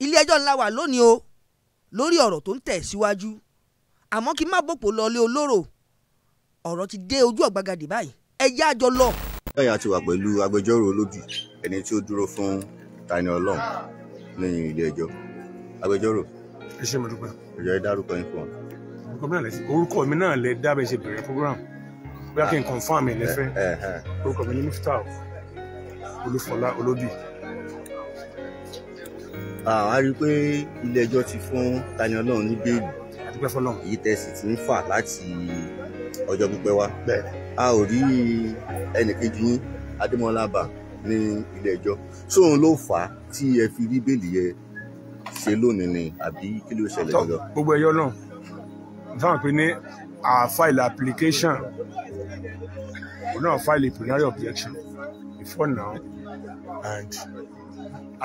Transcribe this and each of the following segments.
ilé ẹjọ́ ńlá wà lónìí o lórí ọ̀rọ̀ tó ń tẹ̀ síwájú àmọ́ kí n má bòpò lọlé olóró ọ̀rọ̀ ti dé ojú ọ̀gbagadè báyìí ẹ já àjọ lọ. báyìí a ti wà pẹ̀lú agbẹjọ́rò olódì ẹni tí ó dúró fún Tani Olohun lẹ́yìn ilé ẹjọ́ agbẹjọ́rò. ẹ ṣe mo dúpẹ́. ọjọ́ ẹ dárúkọ yín fún wa. orúkọ mi náà lẹ dábẹ́ ṣe bẹ̀rẹ̀ program bóyá kí n confam ẹ̀ lẹ́fẹ́ orúkọ mi ní Mufitau Olúfọlá Olódì a rí i pé ilé ẹjọ́ ti fún Tani Olohun ní bẹ́ẹ̀lì dúpẹ́ fọlọ́run. èyí tẹ̀sí ti ń fà láti ọjọ́ pípẹ́ wá. a ò rí ẹnìkejì yín adémọlá bá ní ilé ẹjọ́ sóun ló fà á tí ẹ fi rí bẹ́ẹ̀lì yẹ ṣe lónìí ni àbí kí ló ṣẹlẹ̀ lọ́dọ̀. gbogbo ẹyọ náà fáwọn pé ní a file application òun náà file a plenary objection before now and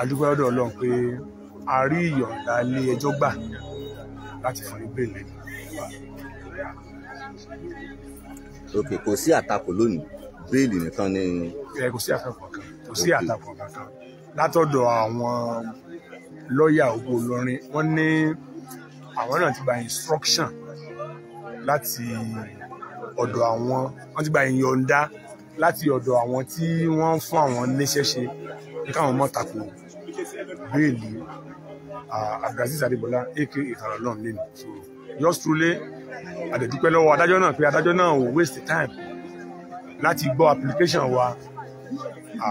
adúgbò ọ̀dọ̀ Ọlọ́run pé a rí ìyọ̀ǹda ilé ẹjọ́ gbà láti fún ní bẹ́ẹ̀lì. ok kò sí àtakò lónìí bẹ́ẹ̀lì nìkan ni. ẹ kò sí àtakò kan kò sí àtakò kankan látọ̀dọ̀ àwọn lọ́ọ̀yà Ògo Olórin wọ́n ní àwọn náà ti gba instruction láti ọ̀dọ̀ àwọn wọ́n ti gba ìyọ̀ǹda láti ọ̀dọ̀ àwọn tí wọ́n fún àwọn níṣẹ́ ṣe káwọn ọmọ tako béèlì abdulaziz adébọlá aka ìkàrọ̀ lọ́n lẹ́nu so yours truly àdẹ̀dúpẹ́ lọ́wọ́ adájọ́ náà pé adájọ́ náà ò waste time láti gbọ́ application wa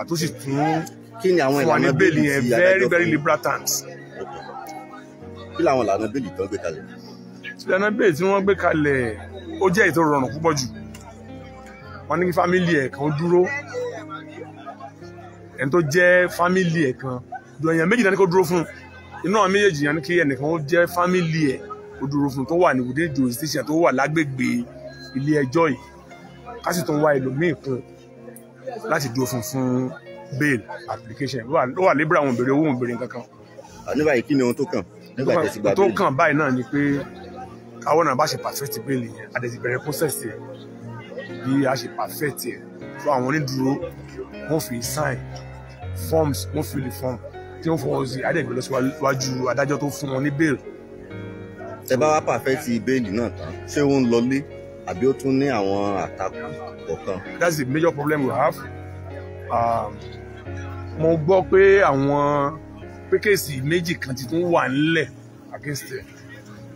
tó sì tún fún wa ní béèlì yẹn very very liberal terms. kí làwọn ìlànà béèlì tó ń gbé kalẹ̀. ìlànà béèlì tí wọ́n gbé kalẹ̀ ó jẹ́ ètò rọrùn púpọ̀ jù wọ́n ní kí fámìlì ẹ̀ kan dúró ẹni tó jẹ́ fámìlì ẹ̀ kan dùn èèyàn méjì náà ni kó dúró fún inú àwọn méjèèjì yẹn ni kí ẹnìkan ó jẹ́ fámìlì ẹ̀ kó dúró fún tó wà ní within jurisdiction tó wà lágbègbè ilé ẹjọ́ yìí ká sì wá ẹlòmíì kún láti dúró fún fún bail application ó wà lébra àwọn òbèrè owó òbèrè kankan. nígbà yìí kí ni ohun tó kàn nígbà tẹ̀sí gba bail. tó kàn báyìí náà ni pé káwọn náà bá ṣe perfect bail yẹn àdẹ̀sí bẹ̀rẹ̀ process yẹn bí a ṣe perfect yẹn fún àwọn onídùúró wọn fi sign forms wọ́n fìlì fún tí wọ́n fọwọ́ sí adẹ́gbẹ́ lọ síwájú adájọ́ tó fún wọn ní bail. tẹ bá wá pàfẹ́tì bẹ́ẹ̀lì náà tán ṣé ó ń lọlé àbí ó tún ní àwọn àtakò kọ̀ọ̀kan. that's the major problem we have. Um, mo gbọ́ pé àwọn pékèsì méjì kan ti tún wà nílẹ̀ against ẹ̀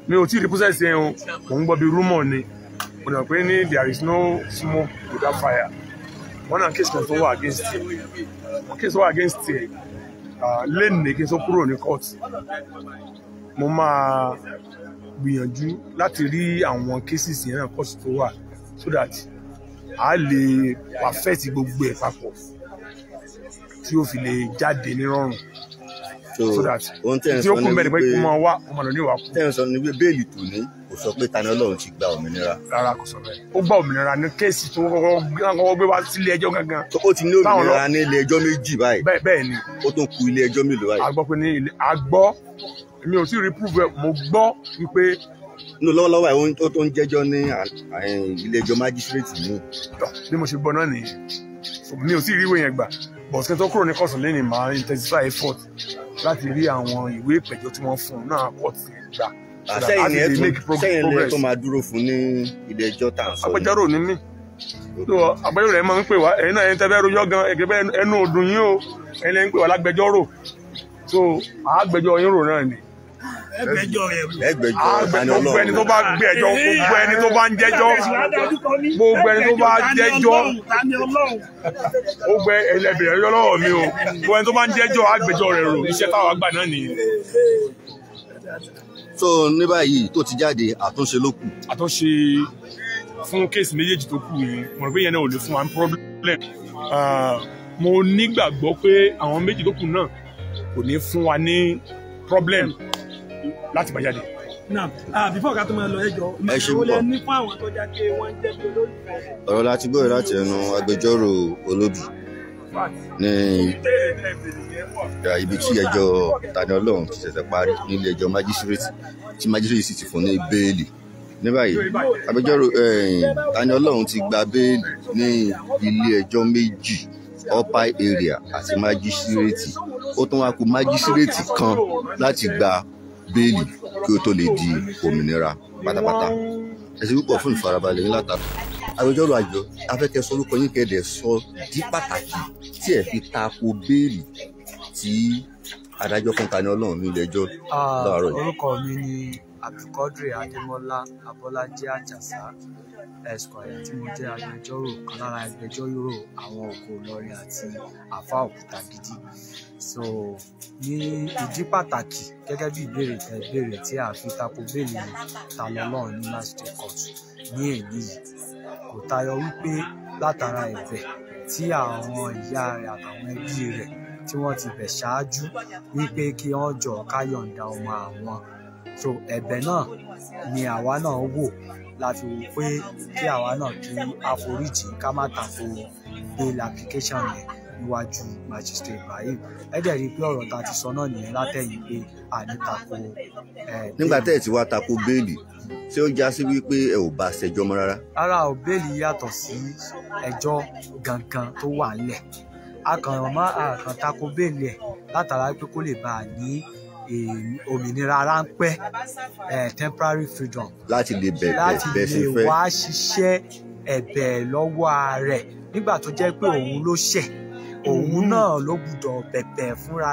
mi ò tí ì rí process yẹn o mò ń gbọ́ bí rumor ni mo dẹ̀ pé ní there is no smoke without fire wọn náà kéésì kan tó wà against ẹ kéésì wà against ẹ uh, lẹ́nu kí n tó kúrò ní court mo máa gbìyànjú láti rí àwọn cases yẹn náà court tó wà so that a lè perfect gbogbo ẹ̀ papọ̀ tí ó fi lè jáde nírọ̀rùn so that tí ó kún mẹ́rin pé kó máa wá ọmọ lọ ní ìwà kú. tẹ́ ẹ̀ ń sọ ni pé béèlì tò ní kò sọ pé Tani Olohun ti gba òmìnira. rárá kò sọ bẹ́ẹ̀ ó gba òmìnira ní kéèsì tó kọ́kọ́ gbé wá sílé ẹjọ́ gangan. ó ti ní òmìnira ní ilé ẹjọ́ méjì báyìí. bẹ́ẹ̀ bẹ́ẹ̀ ni. ó tún kù ilé ẹjọ́ mélòó báyìí. a gbọ́ pé ní ilé a gbọ́ mi ò sì rí proof ẹ̀ mo gbọ́ wípé nínú lọ́wọ́lọ́wọ́ ẹ̀ ó tó ń jẹ́jọ́ ní ilé ẹjọ́ májísírèètì mi. bí mo ṣe gbọ́ náà nìyẹn mi ò sì rí ìwé yẹn gbà bọ̀sí tó kúrò ní kọ̀sán lẹ́yìn máa intensify effort láti rí àwọn ìwé ìpẹ̀jọ́ tí wọ́n fún un náà kọ̀ sí gbà sẹ́yìn ẹ̀ tó sẹ́yìn ẹ̀ tó máa dúró fún ní ilé ẹjọ́ tá à ń sọ. agbẹjọ́rò ni mí agbẹjọ́rò rẹ̀ máa ń pè wá ẹ̀yin náà ẹni tẹ́ fẹ́ rojọ́ gan ẹ̀gẹ́ bẹ́ẹ̀ ẹnu ọdún yín o ẹ̀yin lẹ́yìn pè wá lágbẹjọ́rò so àgbẹjọ́ yín rò náà ni. ẹgbẹjọ rẹ gbogbo ẹni tó bá gbẹjọ gbogbo ẹni tó bá ń jẹjọ gbogbo ẹni tó bá jẹjọ gbogbo ẹlẹbìrẹ yọ mi o gbogbo ẹni tó bá ń jẹjọ àgbẹjọ́ rẹ rò iṣẹ́ táwọn àgbà náà nìyẹn so ní báyìí tó ti jáde àtúnṣe ló kù. àtúnṣe fún kéèsì méjèèjì tó kù yìí mo rò pé yẹn náà ò lè fún wa ní problem mo nígbàgbọ́ pé àwọn méjì tó kù náà kò ní fún wa ní problem láti bá jáde. Now, uh, before ká tó máa lọ ẹjọ́ ìṣòro lẹ ní fún àwọn tó jáde wọn jẹ bí olólùfẹ́. ọ̀rọ̀ láti gbọ́ láti ẹnu agbẹjọ́rò Olóbì ní ibi tí ẹjọ́ Tani Olohun ti ṣẹ̀ṣẹ̀ parí nílé ẹjọ́ májísírèètì tí májísírèètì sì ti fún ní bẹ́ẹ̀lì ní báyìí agbẹjọ́rò eh, Tani Olohun ti gba bẹ́ẹ̀lì ní ilé ẹjọ́ méjì upper area àti májísírèètì ó tún wá kù májísírèètì kan láti gba bẹ́ẹ̀lì kí ó tó lè di òmìnira pátápátá ẹ ṣé púpọ̀ fún ìfarabalẹ̀ yín látàkùn agbẹjọ́rò àjọ afẹ́kẹ́ sọ orúkọ yín kẹ́ẹ̀dẹ̀ sọ dí pàtàkì tí ẹ fi tako béèlì tí adájọ́ fún Tani Olohun ní ilé-ẹjọ́ ah, láàárọ̀ yìí. orúkọ mi ni abdulkadir adémọlá abọlájẹ àjàsá ẹsùkọyà tí mo jẹ agbẹjọ́rò kan lára agbẹjọ́rò àwọn ògo ìlọrin àti àfa òkúta gidi so ní ìdí pàtàkì gẹ́gẹ́ bí ìbéèrè tẹ ìbéèrè tí a fi tako béèlì Tani Olohun ní Magistrate Court ní èyí yìí kò tayọ wípé látara ẹ̀bẹ̀ tí àwọn ìyá rẹ̀ àtàwọn ẹbí rẹ̀ tí wọ́n ti bẹ̀ ṣáájú wípé kí wọ́n jọ ká ọmọ àwọn so ẹ̀bẹ̀ náà ni àwa náà wò láti wò pé kí àwa náà kí àforíjì ká má tako bail application yẹn níwájú Magistrate Ibrahim ẹ rí pé ọ̀rọ̀ tá a ti sọ náà nìyẹn látẹ̀yìn pé àní tako. nígbà tẹ́ ẹ̀ ti wá tako béèlì ṣé ó já sí wípé ẹ ò bá ṣẹjọ́ mọ́ rárá. rárá o béèlì yàtọ̀ sí ẹjọ́ gangan tó wà ńlẹ̀ akànmọ́ àkàn tako béèlì ẹ̀ látara pé kó lè bá a ní òmìnira ráńpẹ́ temporary freedom. láti lè bẹ̀rẹ̀ láti lè wá ṣiṣẹ́ ẹ̀bẹ̀ lọ́wọ́ rẹ̀ nígbà tó jẹ́ pé òun ló ṣẹ̀ òun náà ló gbúdọ̀ bẹ̀bẹ̀ fúnra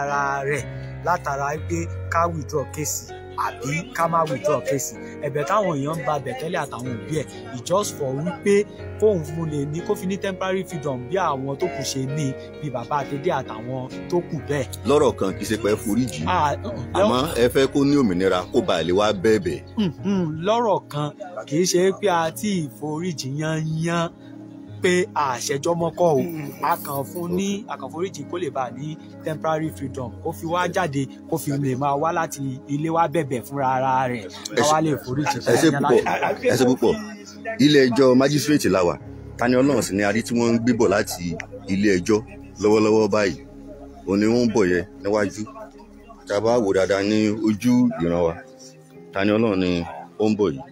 rẹ̀ látara pé ká withdraw kéèsì àbí ká má withdraw kéèsì ẹ̀bẹ̀ táwọn èèyàn ń ba bẹ̀tẹ́lẹ̀ àtàwọn òbí ẹ̀ just for wípé kóun fún lè ní kó fi ní temporary freedom bí àwọn tó kù ṣe ní bí bàbá àtẹ́dé àtàwọn tó kù bẹ́ẹ̀. lọ́rọ̀ kan kì í ṣe pé foríjì ah, àmọ́ ẹ fẹ́ kó ní òmìnira kó ba lè wá bẹ̀bẹ̀. lọ́rọ̀ kan kì í ṣe pé a ti ìforíjì yan yan pé àṣẹjọ́ mọ́kọ́ o a kàn fún ní a kàn foríjì kó lè bà ní temporary freedom kó fi wá jáde kó fi lè máa wá láti ilé wá bẹ̀bẹ̀ fúnra ara rẹ̀ káwá lè foríjì. ẹ ṣé púpọ̀ ẹ ṣé púpọ̀ ilé ẹjọ́ májísírèètì la wà Tani Olohun sì ni adé tí wọ́n ń gbébọ̀ láti ilé ẹjọ́ lọ́wọ́lọ́wọ́ báyìí òun ni wọ́n ń bọ̀ yẹ níwájú tá a bá wò dáadáa ní ojú ìran wa Tani Olohun ni ó ń bọ̀ yìí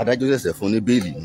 adájọ́ ṣẹ̀ṣẹ̀ fún ní bẹ́ẹ̀lì ni.